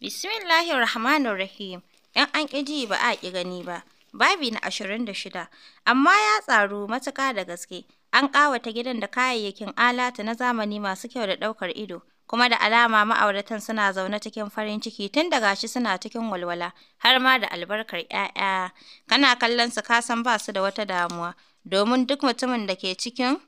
Bismillahirrahmanirrahim. Rahmanir ‘Yan an ƙi ji ba a ƙi gani ba. Babi na shida. Amma ya tsaru matuƙa da gaske. An ƙawata gidan da kayayyakin alata na zamani masu kyau da ɗaukar ido. Kuma da alama ma'auratan suna zaune cikin farin ciki tun da gashi suna cikin walwala har ma da albarkar ‘ya'ya. Kana kallon su kasan basu ba su da wata damuwa domin duk mutumin da ke cikin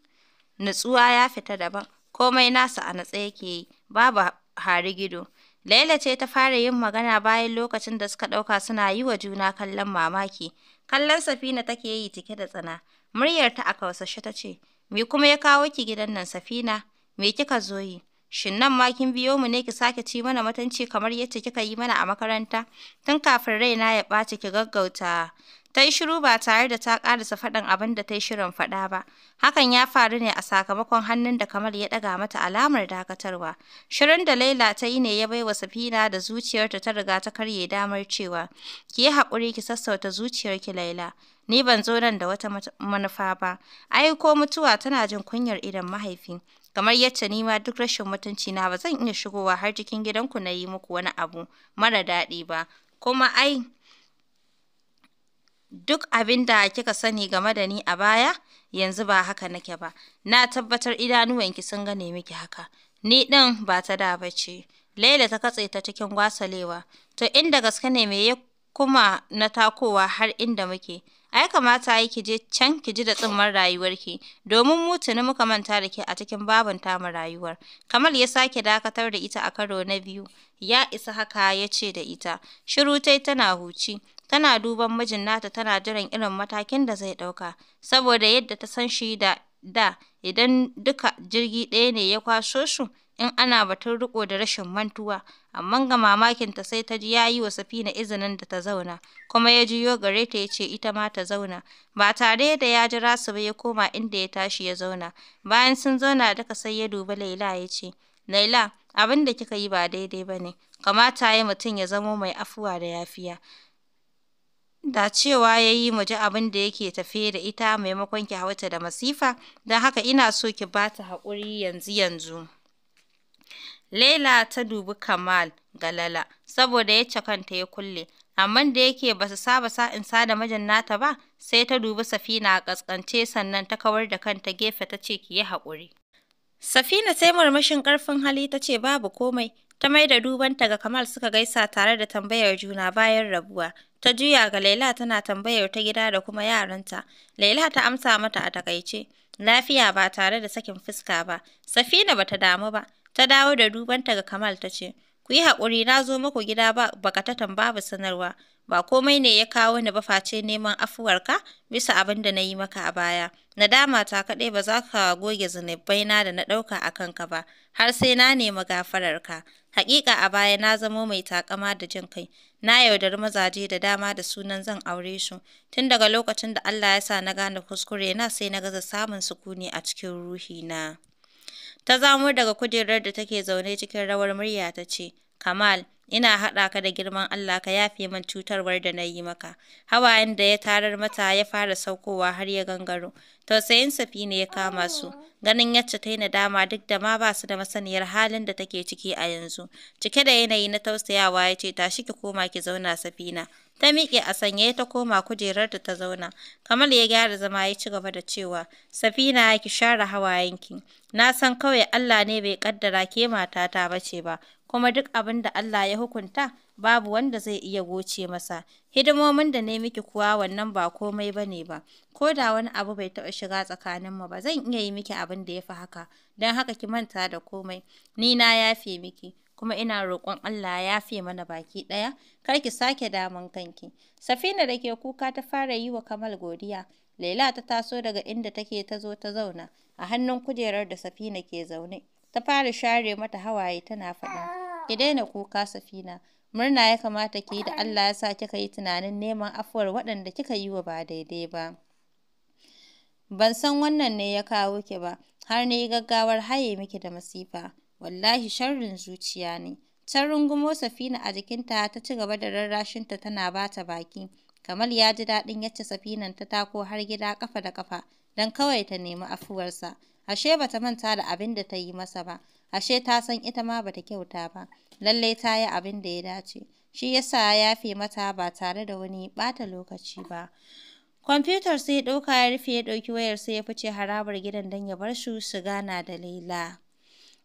nutsuwa ya fita daban. Komai nasa a natse yake yi, babu hari gido. Laila ce ta fara yin magana bayan lokacin da suka ɗauka suna yi wa juna kallon mamaki. Kallon Safina take yi cike da tsana. Muryarta a kausashe ta ce, Me kuma ya kawo ki gidan nan Safina? Me kika zo yi? Shin nan ma kin biyo mu ne ki sake ci mana mutunci kamar yadda kika yi mana a makaranta? Tun kafin raina ya ɓaci ki gaggauta Ta yi shiru ba tare da ta ƙarasa faɗin abin da ta yi shirin faɗa ba. Hakan ya faru ne a sakamakon hannun da Kamal ya ɗaga mata alamar dakatarwa. Shirin da Laila ta yi ne ya bai wa Safina da zuciyarta ta riga ta karye damar cewa, ki yi haƙuri ki sassauta zuciyarki Laila. Ni ban zo nan da wata manufa ba. Ai ko mutuwa tana jin kunyar idan mahaifi. kamar yadda ni ma duk rashin mutunci na ba zan iya shigowa har cikin gidanku na yi muku wani abu mara daɗi ba kuma ai duk abin da kika sani game da ni a baya yanzu ba haka nake ba na tabbatar idanuwanki sun gane miki haka ni din ba ta da ce. Laila ta katse ta cikin gwasalewa to inda gaske ne me ya kuma na takowa har inda muke ai kamata yi ki can ki ji da tsimmar rayuwarki domin mu muka manta da ke a cikin babin tamu rayuwar kamal ya sake dakatar da ita a karo na biyu ya isa haka ya ce da ita shiru tai tana huci Tana duban mijin nata tana jiran irin matakin da zai ɗauka, saboda yadda ta san shi da da idan duka jirgi ɗaya ne ya kwaso su in ana batun riƙo da rashin mantuwa, amma ga mamakinta sai ta ji ya yi wa Safina izinin da ta zauna, kuma ya juyo gare ta ya ce ita ma ta zauna, ba tare da ya jira su ba ya koma inda ya tashi ya zauna. Bayan sun zauna duka sai ya dubi Laila ya ce, Laila, abin da kika yi ba daidai ba ne, kamata ya mutum ya zamo mai afuwa da yafiya. da cewa ya yi mu ji abin da yake tafe da ita maimakon ki hauta da masifa, don haka ina so ki ba ta haƙuri yanzu-yanzu. Laila ta dubi Kamal galala, saboda ya ce kanta ya kulle, amma da yake ba su saba sa da majin nata ba, sai ta dubi Safina a ƙasƙance sannan ta kawar da kanta gefe ta ce ki yi haƙuri. Safina sai murmushin ƙarfin hali ta ce babu komai, Ta maida dubanta ga Kamal suka gaisa tare da tambayar juna bayan rabuwa. Ta juya ga Laila tana tambayar ta gida da kuma yaranta. Laila ta amsa mata a takaice. Lafiya ba tare da sakin fuska ba. Safina bata damu ba. Ta dawo da dubanta ga Kamal ta ce, Ku yi haƙuri na zo muku gida ba baka ta babu sanarwa. Ba komai ne ya kawo ni ba face neman afuwarka bisa abin da na yi maka a baya. Nadama ta kaɗai ba za ka goge na da na ɗauka a kanka ba, har sai na nemi gafararka. Haƙiƙa a baya na zamo mai taƙama da jin kai, na yaudari mazaje da dama da sunan zan aure su, tun daga lokacin da Allah ya sa na gane kuskure na sai na gaza samun sukuni a cikin ruhina. Ta zamo daga kujerar da take zaune cikin rawar murya ta ce, Kamal, ina haɗa ka da girman Allah ka yafe min cutarwar da na yi maka. Hawayen da ya tarar mata ya fara saukowa har ya gangaro. Tausayin Safina ya kama su, ganin yacce ta yi nadama duk da ma ba su da masaniyar halin da take ciki a yanzu. Cike da yanayi na tausayawa ya ce tashi ki koma ki zauna Safina. Ta miƙe a sanye ta koma kujerar da ta zauna. Kamal ya gyara zama ya ci gaba da cewa, Safina ki share hawayenki. Na san kawai Allah ne bai kaddara ke matata bace ba, kuma duk abin da Allah ya hukunta babu wanda zai iya goce masa. Hidimomin da ne miki kuwa wannan ba komai bane ba, ko da wani abu bai taɓa shiga tsakaninmu ba zan iya yi miki abin da ya fi haka, don haka ki manta da komai, ni na yafe miki. kuma ina roƙon Allah ya yafe mana baki ɗaya, kar ki sake damun kanki. Safina da ke kuka ta fara yi wa Kamal godiya, Laila ta taso daga inda take ta zo ta zauna a hannun kujerar da Safina ke zaune. ta fara share mata hawaye tana faɗa ki daina kuka Safina murna ya kamata ki yi da Allah ya sa kika yi tunanin neman afuwar waɗanda kika yi wa ba daidai ba ban san wannan ne ya kawo ki ba har ne gaggawar haye miki da masifa wallahi sharrin zuciya ne can rungumo Safina a jikinta ta ci gaba da rarrashinta tana bata baki Kamal ya ji daɗin yacce Safinan ta tako har gida kafa da kafa don kawai ta nemi afuwarsa ashe bata manta da abin da ta yi masa ba ashe ta san ita ma bata kyauta ba lallai ta yi abin da ya dace shi yasa ya yafe mata ba tare da wani bata lokaci ba kwamfutar sai ya ɗauka ya rufe ya ɗauki wayar sai ya fice harabar gidan don ya bar su su gana da Laila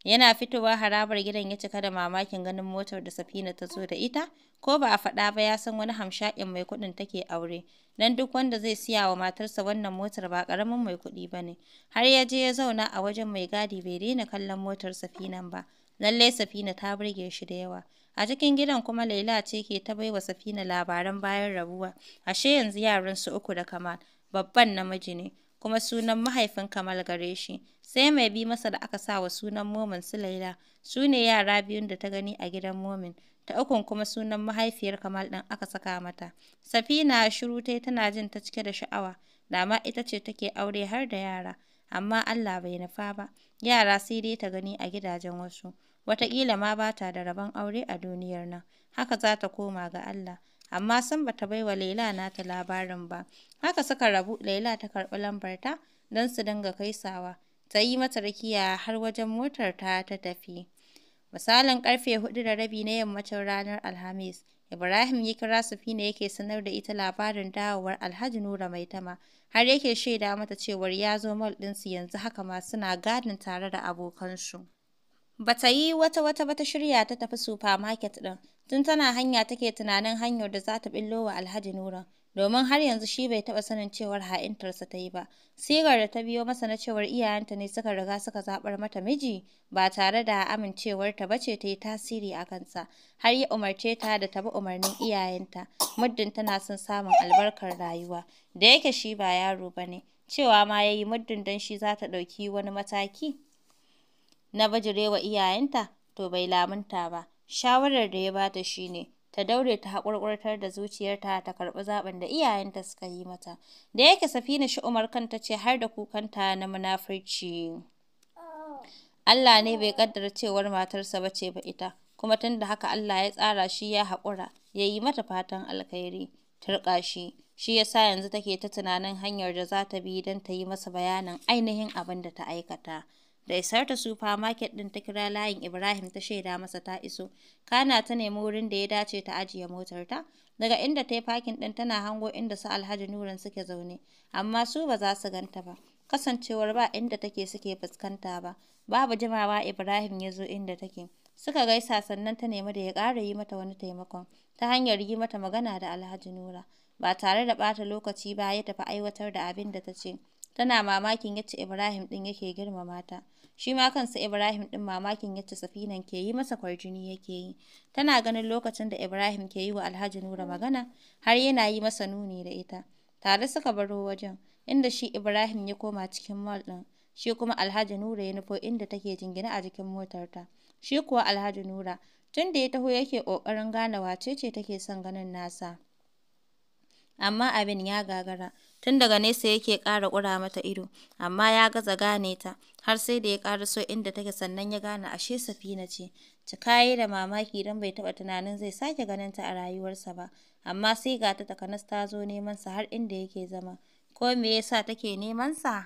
Yana fitowa harabar gidan ya cika da mamakin ganin motar da Safina ta zo da ita, ko ba a faɗa ba ya san wani hamshaƙin mai kuɗin take aure, don duk wanda zai siya wa matarsa wannan motar ba ƙaramin mai kuɗi ba ne. Har ya je ya zauna a wajen mai gadi bai daina kallon motar Safina ba. Lallai Safina ta burge shi da yawa. A cikin gidan kuma Laila ce ke ta baiwa Safina labaran bayan rabuwa. Ashe yanzu yaran su uku da Kamal, babban namiji ne. kuma sunan mahaifin Kamal gare shi, sai mai bi masa da aka sa wa sunan Momin su Laila, su ne yara biyun da ta gani a gidan Momin, ta ukun kuma sunan mahaifiyar Kamal ɗin aka saka mata. Safina shiru tai tana jin ta cike da sha'awa, dama ita ce take aure har da yara, amma Allah bai nufa ba, yara sai dai ta gani a gidajen wasu. Wataƙila ma ba ta da rabon aure a duniyar nan, haka za ta koma ga Allah. amma san bai wa Laila nata labarin ba Haka suka rabu, Laila ta karɓi lambarta don su dinga kaisawa. Ta yi mata rakiya har wajen motar ta ta tafi. Misalin karfe hudu da rabi na yammacin ranar Alhamis, Ibrahim ya kira Sufina yake sanar da ita labarin dawowar Alhaji Nura mai tama. har yake shaida mata cewar ya zo mall ɗinsu yanzu haka ma suna gadin tare da abokansu. Bata yi wata wata ba ta shirya ta tafi supermarket ɗin, tun tana hanya take tunanin hanyar da za ta ɓillo wa Alhaji Nura. domin har yanzu shi bai taɓa sanin cewar ha'intarsa ta yi ba. Sigar da ta biyo masa na cewar iyayenta ne suka riga suka zaɓar mata miji ba tare da amincewar ta bace ta yi tasiri a kansa, har ya umarce ta da ta bi umarnin iyayenta, muddin tana son samun albarkar rayuwa, da yake shi ba yaro ba ne, cewa ma ya yi muddin don shi za ta ɗauki wani mataki na bajirewa iyayenta, to bai lamunta ba. Shawarar da ya bata shi ne. ta daure ta haƙurƙurtar da zuciyarta ta karɓi zaɓin da iyayenta suka yi mata da yake Safina shi Umar kanta ce har da kukanta na munafurci Allah ne bai kaddara cewar matarsa ba ce ba ita kuma tun da haka Allah ya tsara shi ya haƙura ya yi mata fatan alkhairi turƙa shi shi sa yanzu take ta tunanin hanyar da za ta bi don ta yi masa bayanin ainihin abin da ta aikata da isar ta supermarket din ta kira layin Ibrahim ta shaida masa ta iso kana ta nemi wurin da ya dace ta ajiye motar ta daga inda ta yi parking din tana hango inda su Alhaji Nuran suke zaune amma su ba za su ganta ba kasancewar ba inda take suke fuskanta ba babu jimawa Ibrahim ya zo inda take suka gaisa sannan ta nemi da ya ƙara yi mata wani taimakon ta hanyar yi mata magana da Alhaji Nura ba tare da ɓata lokaci ba ya tafi aiwatar da abin da ta ce Tana mamakin yadda Ibrahim ɗin yake girmama ta. Shi ma kansa Ibrahim ɗin mamakin yadda Safinan ke yi masa kwarjini yake yi. Tana ganin lokacin da Ibrahim ke yi wa Alhaji Nura magana, har yana yi masa nuni da ita. Tare suka baro wajen, inda shi Ibrahim ya koma cikin mall ɗin. Shi kuma Alhaji Nura ya nufo inda take jingina a jikin motarta. Shi kuwa Alhaji Nura, tun da ya taho yake ƙoƙarin gane wace ce take son ganin nasa. amma abin ya gagara. Tun daga nesa yake ƙara ƙura mata ido, amma ya gaza gane ta, har sai da ya so inda take sannan ya gane ashe Safina ce. Cika yi da mamaki don bai taɓa tunanin zai sake ganin ta a rayuwarsa ba, amma sai ga ta takanas ta zo neman sa har inda yake zama. Ko me yasa take neman sa?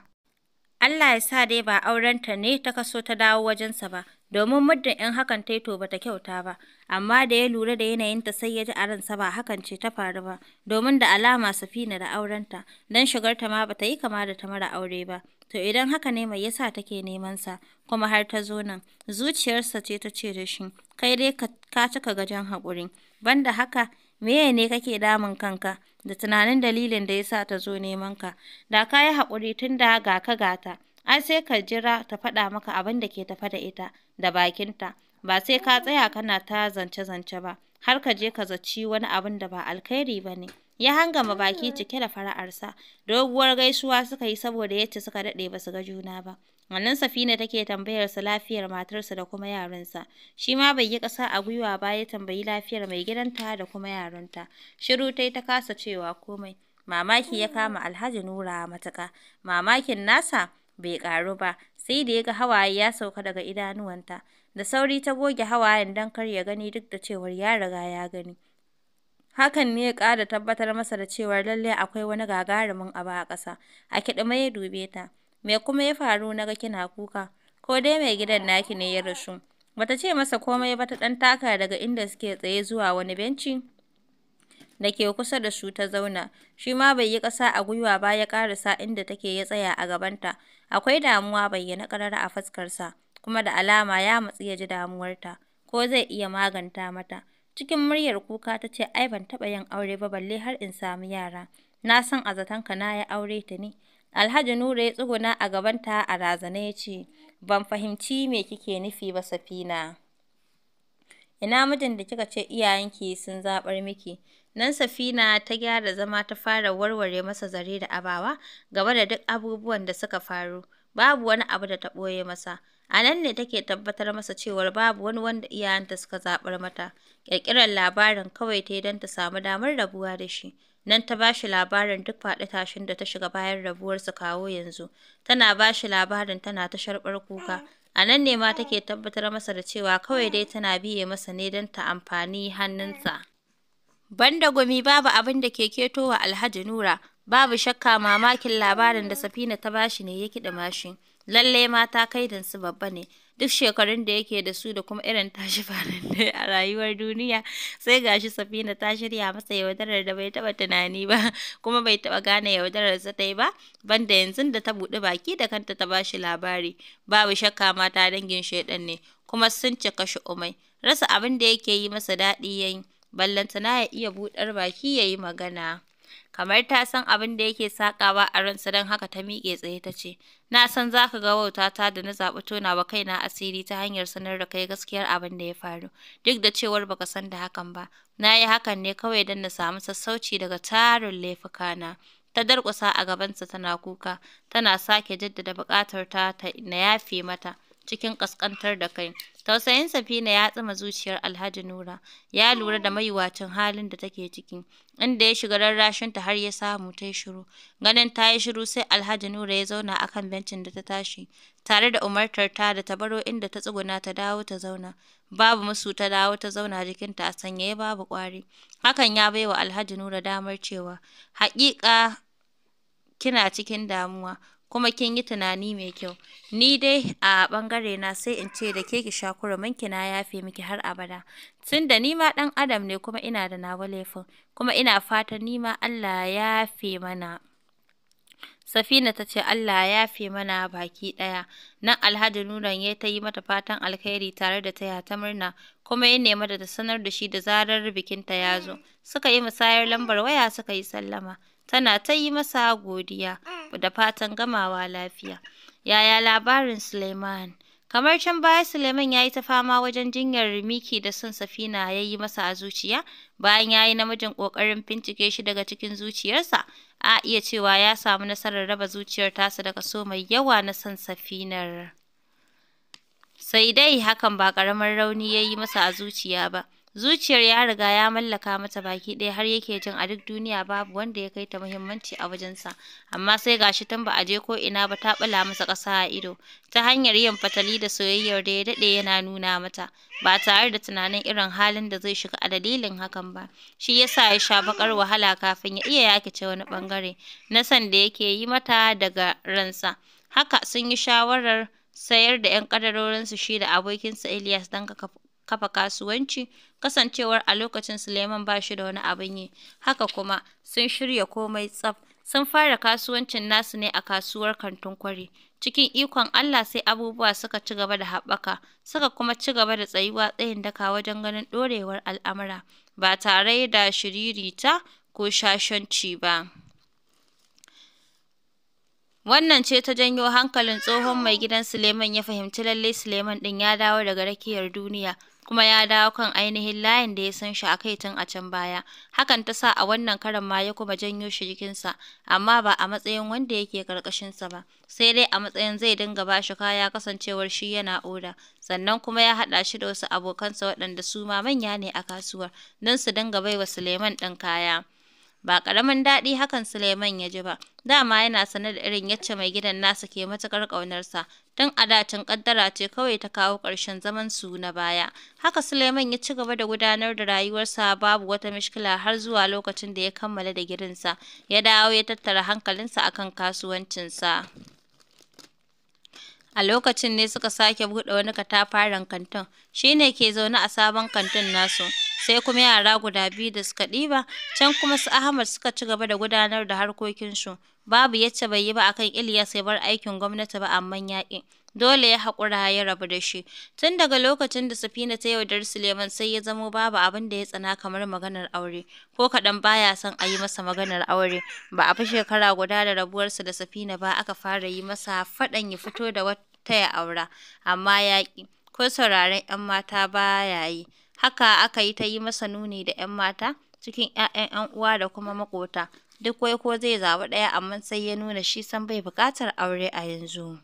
Allah ya sa dai ba auren ta ne ta kaso ta dawo wajensa ba, domin muddin in hakan ta to bata kyauta ba amma da ya lura da yanayin ta sai ya ji a ransa ba hakan ce ta faru ba domin da alama safina da aurenta don shigarta ma bata yi kama da ta mara aure ba to idan haka ne mai yasa take neman sa kuma har ta zo nan zuciyarsa ce ta ce da shi kai dai ka cika gajen haƙuri banda haka meye ne kake damun kanka da tunanin dalilin da yasa ta zo neman ka da ka yi haƙuri tun da ga ka gata ai sai ka jira ta faɗa maka abin da ke tafe da ita da bakinta ba sai ka tsaya kana ta zance-zance ba har ka je ka zaci wani abin da ba alkhairi ba ne ya hangama baki cike da fara'arsa doguwar gaisuwa suka yi saboda yacce suka daɗe ba su ga juna ba wannan safina take tambayar su lafiyar matarsa da kuma yaransa shi ma bai yi ƙasa a gwiwa ba ya tambayi lafiyar mai gidanta da kuma yarinta shiru ta ta kasa cewa komai mamaki ya kama alhaji nura matuka. mamakin nasa bai ƙaru ba, sai da ya ga hawaye ya sauka daga idanuwanta. Da sauri ta goge hawayen don kar ya gani duk da cewar ya riga ya gani. Hakan ne ya ƙara tabbatar masa da cewar lallai akwai wani gagarumin abu a ƙasa. A kiɗima ya dube ta. Me kuma ya faru na ga kina kuka? Ko dai mai gidan naki ne ya rasu? Bata ce masa komai ba ta ɗan taka daga inda suke tsaye zuwa wani benci. da ke kusa da su ta zauna, shi ma bai yi ƙasa a gwiwa ba ya ƙarasa inda take ya tsaya a gabanta. Akwai damuwa bayyana ƙarara a fuskarsa, kuma da alama ya matsi ya ji damuwarta, ko zai iya maganta mata. Cikin muryar kuka ta ce, "Ai, ban taɓa yin aure ba balle har in samu yara. Na san a zatonka na ya aure ta ne." Alhaji Nura ya tsuguna a gabanta a razana ya ce, "Ban fahimci me kike nufi ba Safina." Ina mijin da kika ce iyayenki sun zaɓar miki? Nan Safina ta gyara zama ta fara warware masa zare da abawa gaba da duk abubuwan da suka faru. Babu wani abu da ta ɓoye masa. A nan ne take tabbatar masa cewar babu wani wanda iyayenta suka zaɓar mata. Ƙirƙirar labarin kawai ta yi don ta samu damar rabuwa da shi. Nan ta bashi labarin duk faɗi tashin da ta shiga bayan rabuwar su kawo yanzu. Tana bashi labarin tana ta sharɓar kuka. A nan ne ma take tabbatar masa da cewa kawai dai tana biye masa ne don ta amfani hannunsa. Banda gumi babu abin da ke ketowa Alhaji Nura, babu shakka mamakin labarin da Safina ta bashi ne ya kiɗa mashin. lallai mata kaidansu babba ne, duk shekarun da yake da su da kuma irin tashi faɗin a rayuwar duniya, sai gashi Safina ta shirya masa yaudarar da bai taba tunani ba, kuma bai taba gane yaudarar ta yi ba, banda yanzu da ta buɗe baki da kanta ta bashi labari. Babu shakka mata dangin shaidan ne, kuma sun cika umai Rasa abin da yake yi masa daɗi yayi, ballantana ya iya buɗar baki ya yi magana. kamar ta san abin da yake sakawa a ransa don haka ta miƙe tsaye ta ce, Na san za ka ga wautata da na zaɓi tona tonawa kaina asiri ta hanyar sanar da kai gaskiyar abin da ya faru, duk da cewar baka san da hakan ba, na yi hakan ne kawai don na samu sassauci daga tarin laifukana. Ta darƙusa a gabansa tana kuka, tana sake jaddada buƙatar ta na yafe mata. cikin ƙasƙantar da kai. Tausayin Safina ya tsama zuciyar Alhaji Nura, ya lura da maiwacin halin da take ciki, inda ya shiga rarrashinta har ya samu ta yi shiru. Ganin ta yi shiru sai Alhaji Nura ya zauna a kan bencin da ta tashi, tare da umartar ta da ta baro inda ta tsuguna ta dawo ta zauna. Babu musu ta dawo ta zauna jikinta a sanyaye babu ƙwari. Hakan ya baiwa Alhaji Nura damar cewa, haƙiƙa kina cikin damuwa kuma kin yi tunani mai kyau. Ni dai a bangare na sai in ce da ke ki sha ki na yafe miki har abada. tun da ni ma ɗan adam ne kuma ina da nawa laifin, kuma ina fatan ni ma Allah ya yafe mana. Safina ta ce Allah ya yafe mana baki ɗaya. Nan Alhaji Nuran ya ta yi mata fatan alkhairi tare da taya ta murna, kuma ya nema da ta sanar da shi da zarar bikinta ya zo. Suka yi musayar lambar waya suka yi sallama. tana ta yi masa godiya mm. da fatan gamawa lafiya. Yaya labarin Suleiman? Kamar can baya Suleiman ya yi ta fama wajen jinyar Miki da son Safina ya yi masa a zuciya, bayan ya yi namijin ƙoƙarin bincike shi daga cikin zuciyarsa, a iya cewa ya samu nasarar raba zuciyar tasa daga so mai yawa na son Safinar. Sai dai hakan ba ƙaramin rauni ya yi masa a zuciya ba. Zuciyar ya riga ya mallaka mata baki ɗaya har yake jin a duk duniya babu wanda ya kai ta muhimmanci a wajensa, amma sai gashi shi tun ba a je ko ina ba ta ɓula masa ƙasa a ido, ta hanyar yin fatali da soyayyar da ya daɗe yana nuna mata, ba tare da tunanin irin halin da zai shiga a dalilin hakan ba. Shi ya sa ya sha baƙar wahala kafin ya iya yakice wani ɓangare na san da yake yi mata daga ransa. Haka sun yi shawarar sayar da 'yan ƙaddarorinsu shi da abokinsa Ilyas don kafa kasuwanci, kasancewar a lokacin Suleiman ba shi da wani abin yi, haka kuma sun shirya komai tsaf. Sun fara kasuwancin nasu ne a kasuwar kantun kwari. Cikin ikon Allah sai abubuwa suka ci gaba da haɓaka, suka kuma ci gaba da tsayuwa tsayin daka wajen ganin ɗorewar al'amura, ba tare da shiririta ko shashanci ba. Wannan ce ta janyo hankalin tsohon mai gidan Suleiman ya fahimci lallai Suleiman ɗin ya dawo daga rakiyar duniya, kuma ya dawo kan ainihin layin da ya san shi a kai tun a can baya. Hakan ta sa a wannan karan ma ya kuma janyo shi jikinsa, amma ba a matsayin wanda yake karkashinsa ba, sai dai a matsayin zai dinga ba shi kaya kasancewar shi yana oda. Sannan kuma ya haɗa shi da wasu abokansa waɗanda su ma manya ne a kasuwar, don su dinga bai wa Suleiman ɗin kaya. Ba ƙaramin daɗi hakan Suleiman ya ji ba, dama yana sane da irin yacce mai gidan nasa ke matuƙar ƙaunarsa, tun a dacin ƙaddara ce kawai ta kawo ƙarshen zaman su na baya. Haka Suleiman ya ci gaba da gudanar da rayuwarsa babu wata mishkila har zuwa lokacin da ya kammala da girinsa, ya dawo ya tattara hankalinsa akan kasuwancinsa. A lokacin ne suka sake buɗe wani katafaren kantin, shi ne ke zaune a sabon kantin nasu. sai kuma yara guda biyu da suka ɗiba, can kuma su Ahmad suka ci gaba da gudanar da harkokinsu. Babu yacce bai yi ba akan Ilyas ya bar aikin gwamnati ba amma ya Dole ya haƙura ya rabu da shi. Tun daga lokacin da Safina ta yaudar Suleiman sai ya zamo babu abin da ya tsana kamar maganar aure, ko kaɗan baya son a yi masa maganar aure. Ba a fi shekara guda da rabuwarsa da Safina ba aka fara yi masa faɗan ya fito da wata ya aura, amma ya ko sauraron 'yan mata ba ya yi. Haka aka yi ta yi masa nuni da 'yan mata, cikin 'ya'yan 'yan uwa da kuma maƙota, duk wai ko zai zaɓi ɗaya amma sai ya nuna shi sam bai buƙatar aure a yanzu.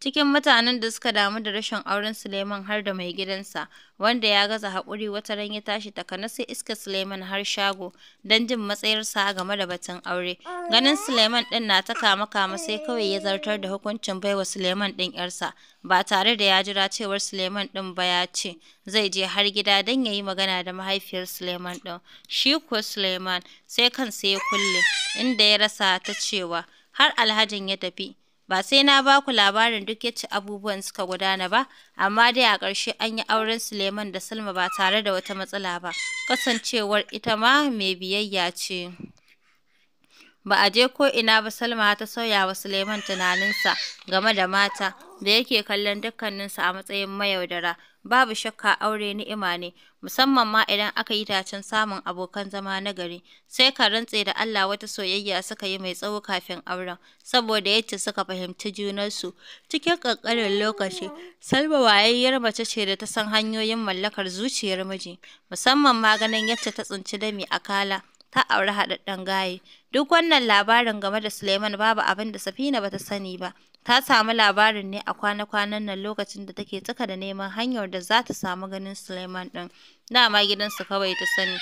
Cikin mutanen da suka damu da rashin auren Suleiman har da mai gidansa, wanda ya gaza haƙuri wata ran ya tashi takana sai iska Suleiman har shago don jin matsayarsa game da batun aure. Ganin Suleiman ɗin na ta kama kama sai kawai ya zartar da hukuncin baiwa Suleiman ɗin ‘yarsa, ba tare da ya jira cewar Suleiman ɗin ba ya ce zai je har gida don ya yi magana da mahaifiyar Suleiman ɗin. Shi kuwa Suleiman sai kansa ya kulle, inda ya rasa ta cewa har alhajin ya tafi. Ba sai na ba ku labarin duk yacce abubuwan suka gudana ba, amma dai a ƙarshe an yi auren Suleiman da Salma ba tare da wata matsala ba, kasancewar ita ma mai biyayya ce. Ba a je ko ina ba Salma ta sauya wa Suleiman tunaninsa game da mata da yake kallon dukkaninsu a matsayin mayaudara, Babu shakka aure ni'ima ne, musamman ma idan aka yi itacen samun abokan zama na gari, sai ka rantse da Allah wata soyayya suka yi mai tsawo kafin auren, saboda yace suka fahimci junansu cikin ƙanƙanin lokaci. Salma wayayyar mace ce da ta san hanyoyin mallakar zuciyar miji, musamman ma ganin yacce ta tsinci dami a kala. ta auri haɗaɗɗen gaye. Duk wannan labarin game da Suleiman babu abin da Safina bata sani ba. Ta samu labarin ne a kwana-kwanan nan lokacin da take tsaka da neman hanyar da za ta samu ganin suleiman ɗin. Dama gidansa kawai ta sani,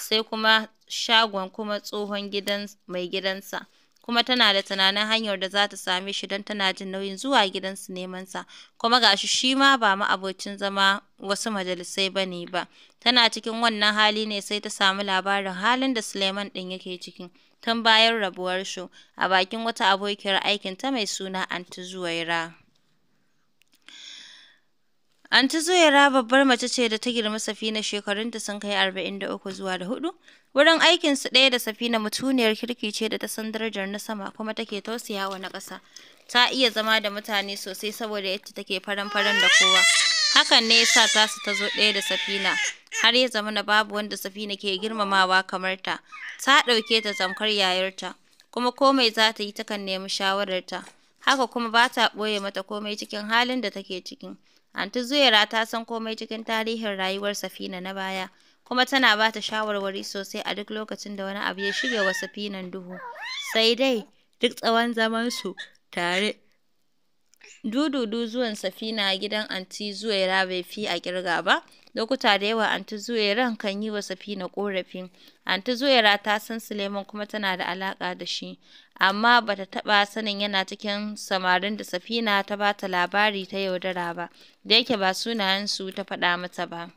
sai kuma shagon kuma tsohon gidan mai gidansa. kuma tana da tunanin hanyar da za ta same shi don tana jin nauyin zuwa gidansu neman sa kuma ga shi shi ma ba abocin zama wasu majalisai ba ne ba tana cikin wannan hali ne sai ta samu labarin halin da Suleiman ɗin yake ciki tun bayan rabuwar rabuwarsu a bakin wata abokiyar aikinta mai suna Anti Zuwaira. Anti Zuwaira babbar mace ce da ta girma Safina shekarunta sun kai arba'in da uku zuwa da hudu. Wurin aikinsu ɗaya da Safina mutuniyar kirki ce da ta san darajar na sama kuma take tausayawa na ƙasa. Ta iya zama da mutane sosai saboda yadda take faran-faran da kowa. Hakan ne ya sa tasu ta zo ɗaya da Safina, har ya zama na babu wanda Safina ke girmamawa kamar ta. Ta ɗauke ta tamkar yayarta, kuma komai za ta yi takan nemi shawararta. Haka kuma ba ta ɓoye mata komai cikin halin da take ciki. Anti Zuwaira ta san komai cikin tarihin rayuwar Safina na baya, kuma tana ba ta shawarwari sosai a duk lokacin da wani abu ya shige wa Safinan duhu. Sai dai duk tsawon zamansu tare. Dududu zuwan Safina gidan Aunty Zuwaira bai fi a kirga ba, lokuta da yawa Aunty zuwaira kan yi wa Safina ƙorafi, anti Zuwaira ta san Suleiman kuma tana da alaƙa da shi, amma ba ta taɓa sanin yana cikin samarin da Safina ta ba ta labari ta yaudara ba, da yake ba sunayen su ta faɗa mata ba.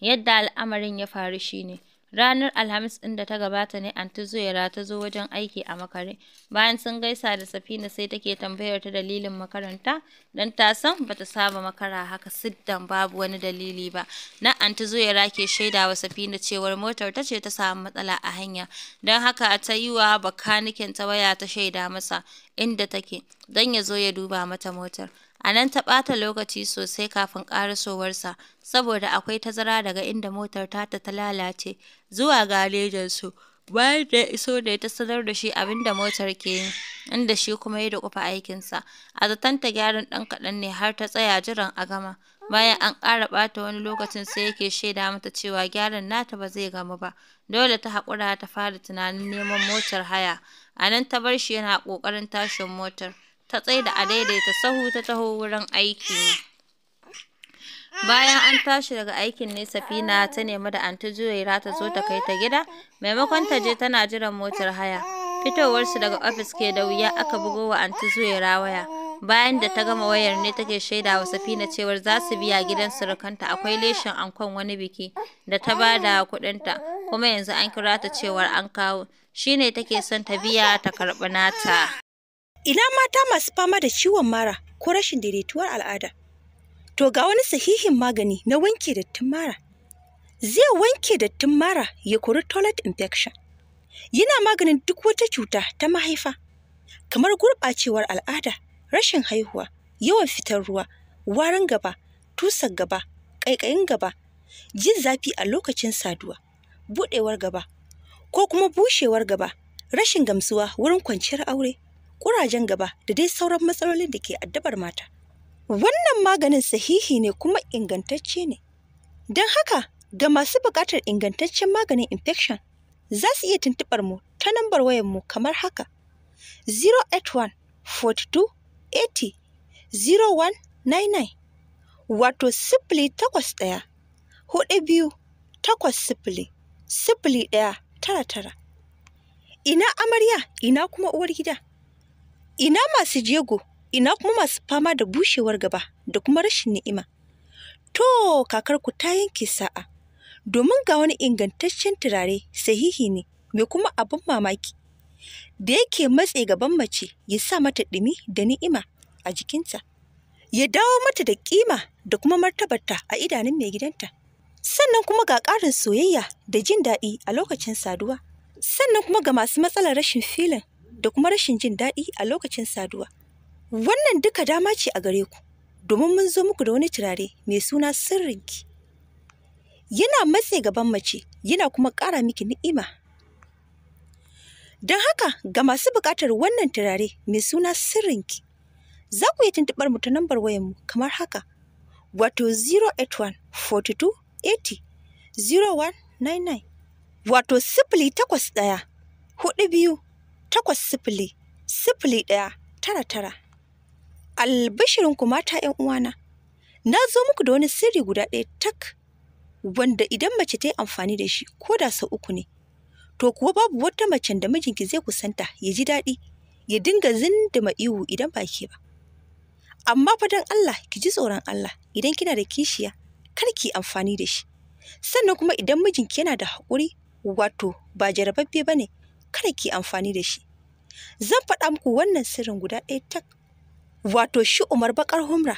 Yadda al'amarin ya faru shine ne, Ranar Alhamis ɗin da ta gabata ne Aunty Zuaira ta zo wajen aiki a makare. Bayan sun gaisa da Safina sai take tambayar ta dalilin makaranta, don ta san bata saba makara haka siddan babu wani dalili ba. Na Aunty Zuaira ke shaida wa Safina cewar motar ta ce ta samu matsala a hanya, don haka ta yi wa bakanikin ta waya ta shaida masa inda take, don ya zo ya duba mata motar. A nan ta ɓata lokaci sosai kafin ƙarasowarsa, saboda akwai tazara daga inda motar tata ta lalace zuwa garejinsu. Bayan da ya iso ne ta sanar da shi abinda motar ke yi, inda shi kuma ya duƙufa aikinsa. A zaton ta gyaran ɗan kaɗan ne har ta tsaya jiran a gama. Bayan an ƙara ɓata wani lokacin sai yake shaida mata cewa gyaran nata ba zai gamu ba. Dole ta haƙura ta fara tunanin neman motar haya. A nan ta bar shi yana ƙoƙarin tashin motar. ta tsaida da adaidaita sahu ta taho wurin aiki. Bayan an tashi daga aikin ne Safina ta nemi da Anti Zuwaira ta zo ta kai ta gida, maimakon ta je tana jiran motar haya. Fitowarsu daga ofis ke da wuya aka bugo wa Anti Zuwaira waya. Bayan da ta gama wayar ne take shaida wa Safina cewar za su biya gidan surukanta akwai leshin ankon wani biki da ta ba da kuɗinta, kuma yanzu an kira ta cewar an kawo. Shi ne take son ta biya ta karɓi nata. Ina mata masu fama da ciwon mara ko rashin daidaituwar al'ada? To ga wani sahihin magani na wanke dattin mara. Zai wanke dattin mara ya kori toilet infection. Yana maganin duk wata cuta ta mahaifa, kamar gurɓacewar al'ada, rashin haihuwa, yawan fitar ruwa, warin gaba, tusar gaba, ƙaiƙayin gaba, jin zafi a lokacin saduwa, buɗewar gaba, ko kuma bushewar gaba, rashin gamsuwa wurin kwanciyar aure. ƙurajen gaba da dai sauran matsalolin da ke addabar mata. Wannan maganin sahihi ne kuma ingantacce ne. Don haka ga masu buƙatar ingantaccen maganin infection za su iya tuntuɓar mu ta nambar wayar mu kamar haka 081 42 80 0199 wato sifili takwas ɗaya hudu biyu takwas sifili sifili ɗaya tara tara ina amarya ina kuma uwar gida ina masu jego ina kuma masu fama da bushewar gaba da kuma rashin ni'ima to kakarku ta yanke sa'a domin ga wani ingantaccen turare sahihi ne mai kuma abin mamaki da yake matse gaban mace ya sa mata ɗumi da ni'ima a jikinta ya dawo mata da ƙima da kuma martabarta a idanun mai gidanta sannan kuma ga ƙarin soyayya da jin daɗi a lokacin saduwa sannan kuma ga masu matsalar rashin filin da kuma rashin jin daɗi a lokacin saduwa. Wannan duka dama ce a gare ku, domin mun zo muku da wani turare mai suna sirrinki. Yana matse gaban mace, yana kuma ƙara miki ni'ima. Don haka ga masu buƙatar wannan turare mai suna sirrinki, za ku iya tuntuɓar mu ta nambar wayanmu kamar haka, wato 081 42 80 0199 wato sifili takwas ɗaya hudu biyu takwas sifili sifili ɗaya tara tara. Albashirin mata ‘yan uwana, na zo muku da wani sirri guda ɗaya tak wanda idan mace ta yi amfani da shi ko da sau uku ne, to kuwa babu wata macen da mijinki zai kusanta ya ji daɗi ya dinga zindima ihu idan ba ke ba. Amma fadan Allah ki ji tsoron Allah idan kina da kishiya kar ki amfani da shi. Sannan kuma idan mijinki yana da haƙuri wato ba jarababbe ba ne kada ki amfani da shi zan faɗa muku wannan sirrin guda ɗaya tak wato shi umar bakar humra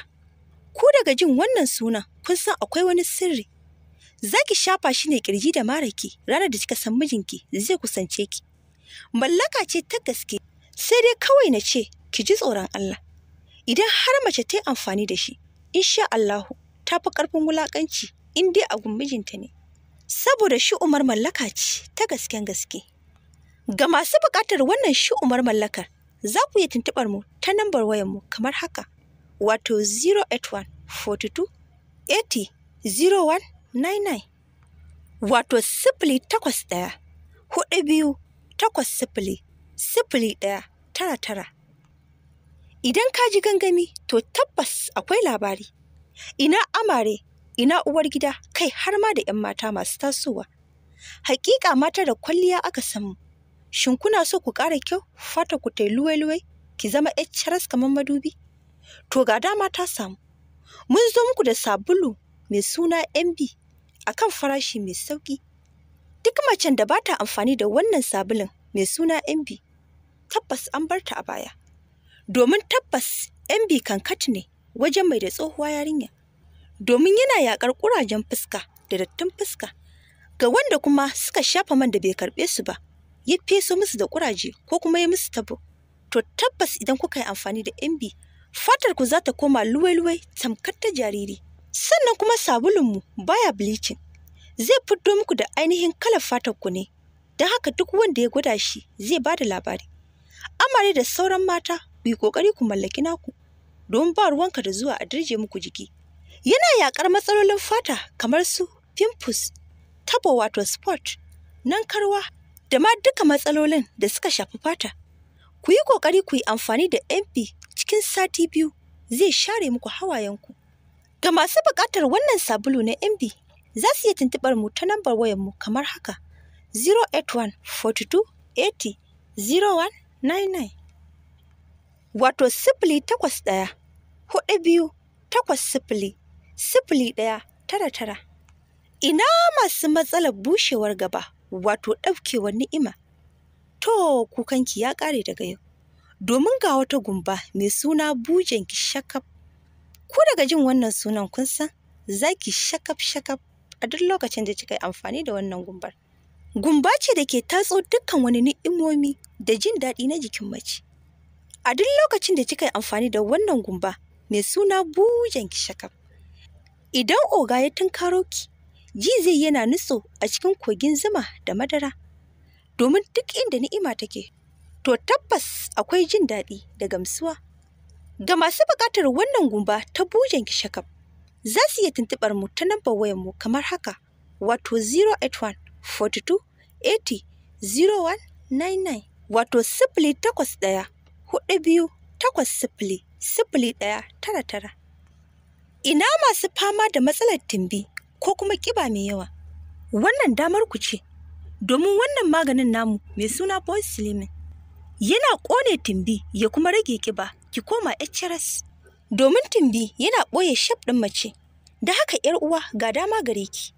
ku daga jin wannan sunan kun san akwai wani sirri za ki shafa shi ne kirji da maraki ranar da kika san mijinki zai kusance ki mallaka ce ta gaske sai dai kawai na ce ki ji tsoron Allah idan har mace ta yi amfani da shi insha Allahu ta fi ƙarfin wulaƙanci in dai a mijinta ne saboda shi umar mallaka ce ta gasken gaske Ga masu buƙatar wannan shi umar mallakar, za ku iya tuntuɓar mu ta nambar wayarmu kamar haka, wato 081 42 80 0199 wato sifili takwas ɗaya hudu biyu takwas sifili sifili ɗaya tara tara idan ka ji gangami to tabbas akwai labari ina amare ina uwar gida kai har ma da 'yan mata masu tasowa hakika mata da kwalliya aka samu Shin kuna so ku ƙara kyau, fata ku ta luwai-luwai, ki zama HRS kamar madubi? To ga dama ta samu. Mun zo muku da sabulu mai suna MB a kan farashi mai sauƙi. Duk macen da ba ta amfani da wannan sabulun mai suna MB, tabbas an bar ta a baya. Domin tabbas MB kat ne wajen mai da tsohuwa yarinya. Domin yana yaƙar ƙurajen fuska da dattin fuska ga wanda kuma suka shafa man da bai karɓe su ba. ya feso musu da kuraje ko kuma ya musu tabo to tabbas idan kuka yi amfani da imbi fatar ku za ta koma luwai-luwai tamkar ta jariri sannan kuma sabulunmu baya bleaching zai fito muku da ainihin kalar fatar ku ne don haka duk wanda ya gwada shi zai ba da labari amare da sauran mata ku yi kokari ku mallaki naku don ba ruwanka da zuwa a dirje muku jiki yana yakar matsalolin fata kamar su pimples tabo wato spot nan karwa da ma duka matsalolin da suka shafi fata. Ku yi ƙoƙari ku yi amfani da MP cikin sati biyu zai share muku hawayenku. Ga masu buƙatar wannan sabulu na MP za su iya tuntuɓar mu ta nambar wayarmu kamar haka 081 42 80 99 wato sifili takwas ɗaya hudu biyu takwas sifili sifili ɗaya tara tara ina masu matsalar bushewar gaba wato ɗaukewar ni'ima. To kukanki ya ƙare daga yau, domin ga wata gumba mai suna ki shakaf. Ko daga jin wannan sunan kun san za ki shakaf shakaf a duk lokacin da kika yi amfani da wannan gumbar. Gumba ce da ke tatso dukkan wani ni'imomi da jin daɗi na jikin mace. A duk lokacin da kika yi amfani da wannan gumba mai suna bujen ki shakaf. Idan oga ya tunkaro ki, ji zai yana nutso a cikin kogin zuma da madara domin duk inda ni'ima take to tabbas akwai jin daɗi da gamsuwa ga masu buƙatar wannan gumba ta bujen kishakaf za su iya tuntuɓar mu ta nambar wayar mu kamar haka wato 081 42 80 wato sifili takwas ɗaya hudu biyu takwas ɗaya tara tara ina masu fama da matsalar timbi ko kuma ƙiba mai yawa wannan damar ku ce domin wannan maganin namu mai suna slimin yana ƙone timbi ya kuma rage ƙiba ki koma HRS domin timbi yana ɓoye shaf ɗin mace da haka ‘yar uwa ga dama gare ki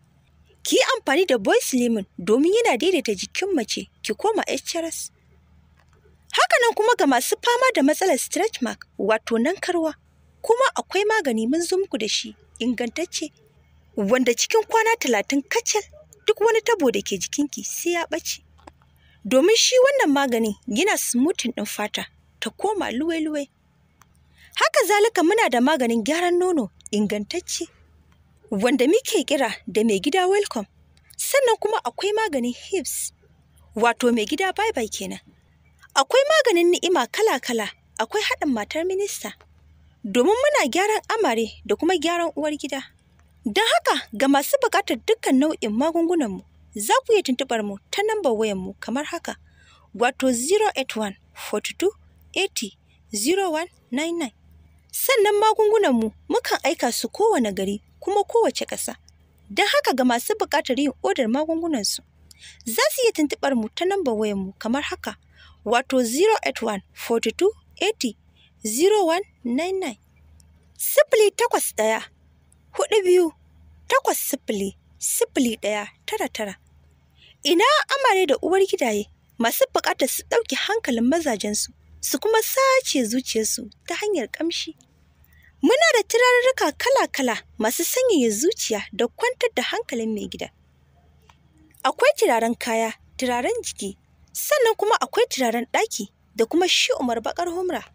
ki amfani da slimin domin yana daidaita jikin mace ki koma HRS hakanan kuma ga masu fama da matsalar stretch mark wato nan karwa kuma akwai magani mun zo muku da shi ingantacce wanda cikin kwana talatin kacal duk wani tabo da ke jikinki sai ya ɓace. Domin shi wannan magani gina smutin ɗin fata ta koma luwe-luwe. Haka zalika muna da maganin gyaran nono ingantacce wanda muke kira da mai gida welcome. Sannan kuma akwai maganin hips wato mai gida bye-bye kenan. Akwai maganin ni'ima kala-kala akwai haɗin matar minista domin muna gyaran amare da kuma gyaran uwar gida. Don haka ga masu buƙatar dukkan nau'in magungunanmu za ku iya tuntuɓar mu ta nambar wayanmu kamar haka wato 081 42 80 0199. Sannan magungunanmu mukan aika su kowane gari kuma kowace ƙasa. Don haka ga masu buƙatar yin odar magungunansu za su iya tuntuɓar mu ta nambar wayanmu kamar haka wato 081 42 80 0199. takwas ɗaya hudu biyu takwas sifili sifili ɗaya tara tara ina amare da uwar gidaye masu buƙatar su ɗauki hankalin mazajensu su kuma sace zuciyarsu ta hanyar ƙamshi muna da turarruka kala-kala masu sanyaya zuciya da kwantar da hankalin mai gida akwai turaren kaya turaren jiki sannan kuma akwai turaren ɗaki da kuma shi umar bakar humra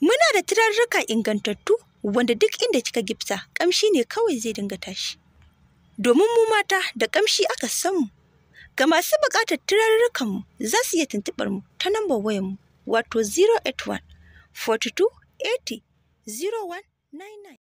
muna da turarruka ingantattu wanda duk inda kika gipsa kamshi ne kawai zai dinga tashi domin mu mata da kamshi aka samu ga masu buƙatar turarrukan mu za su iya tuntuɓar mu ta nambar wayar mu wato 081 42 80 0199